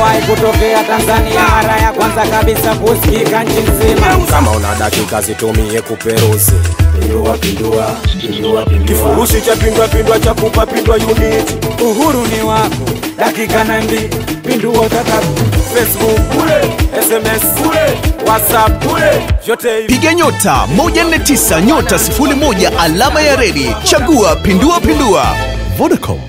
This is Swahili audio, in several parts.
kwani kutokea Tanzania, mara ya kwanza kabisa kusikika nchi nzima. Kama una dakika zitumie kuperuzi Pindua, pindua, Kifurushi cha pindua pindua cha kupa pindua unit. Uhuru ni wako, dakika na mbi. Pindua tatabu, Facebook bure, SMS bure, WhatsApp bure, Yote Piga nyota 149 nyota 01 alama ya redi, chagua pindua pindua. Vodacom,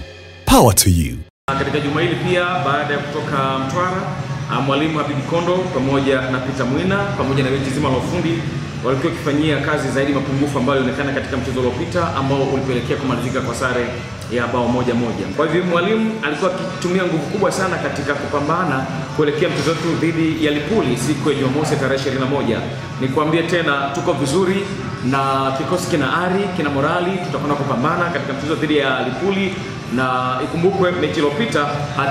power to you. Ah, katika juma hili pia baada ya kutoka Mtwara, ah, mwalimu Habib Kondo pamoja na Peter Mwina pamoja na benchi zima la ufundi walikuwa wakifanyia kazi zaidi mapungufu ambayo yalionekana katika mchezo uliopita ambao ulipelekea kumalizika kwa sare ya bao moja moja. Kwa hivyo mwalimu alikuwa akitumia nguvu kubwa sana katika kupambana kuelekea mchezo wetu dhidi ya Lipuli siku ya Jumamosi tarehe 21. Nikwambie tena tuko vizuri na kikosi kina ari, kina morali, tutakwenda kupambana katika mchezo dhidi ya Lipuli na ikumbukwe mechi iliyopita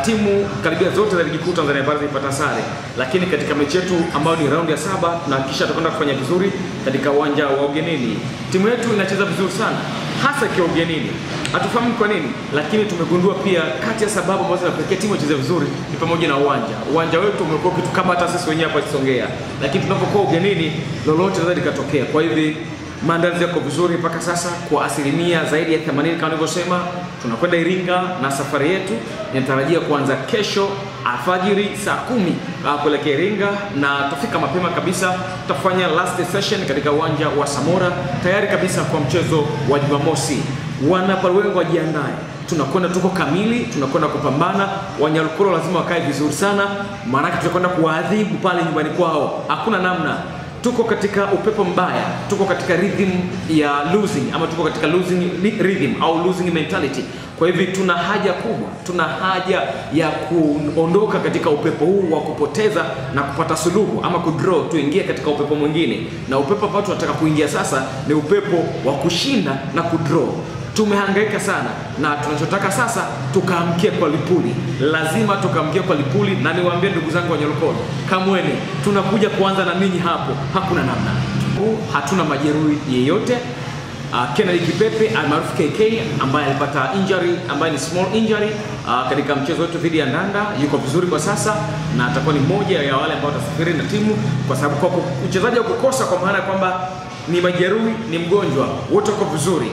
timu karibia zote za ligi kuu Tanzania bara zilipata sare, lakini katika mechi yetu ambayo ni raundi ya saba na kisha tutakwenda kufanya vizuri katika uwanja wa ugenini. Timu yetu inacheza vizuri sana hasa kwa ugenini, hatufahamu kwa nini, lakini tumegundua pia kati ya sababu ambazo zinapelekea timu icheze vizuri ni pamoja na uwanja. Uwanja wetu umekuwa kitu kama hata sisi wenyewe hapa Songea, lakini tunapokuwa ugenini lolote linaweza likatokea. Kwa hivyo maandalizi yako vizuri mpaka sasa kwa asilimia zaidi ya 80 kama nilivyosema. Tunakwenda Iringa na safari yetu inatarajia kuanza kesho alfajiri saa kumi kuelekea Iringa, na tutafika mapema kabisa, tutafanya last session katika uwanja wa Samora tayari kabisa kwa mchezo wa Jumamosi. Wanaparuwengo wajiandae, tunakwenda tuko kamili, tunakwenda kupambana. Wanyarukuro lazima wakae vizuri sana, maanake tutakwenda kuwaadhibu pale nyumbani kwao, hakuna namna tuko katika upepo mbaya, tuko katika rhythm ya losing ama tuko katika losing rhythm au losing mentality. Kwa hivyo tuna haja kubwa, tuna haja ya kuondoka katika upepo huu wa kupoteza na kupata suluhu ama kudraw, tuingie katika upepo mwingine, na upepo ambao tunataka kuingia sasa ni upepo wa kushinda na kudraw tumehangaika sana, na tunachotaka sasa tukaamkie kwa Lipuli, lazima tukaamkie kwa Lipuli. Na niwaambie ndugu zangu wa Nyolokolo, kamwene, tunakuja kuanza na ninyi hapo, hakuna namna. Hatuna majeruhi yeyote. Uh, ah, Kennedy Kipepe almaarufu KK ambaye alipata injury ambaye ni small injury uh, katika mchezo wetu dhidi ya Ndanda yuko vizuri kwa sasa na atakuwa ni mmoja ya wale ambao watasafiri na timu, kwa sababu kwa uchezaji wa kukosa, kwa maana ya kwamba ni majeruhi, ni mgonjwa, wote wako vizuri.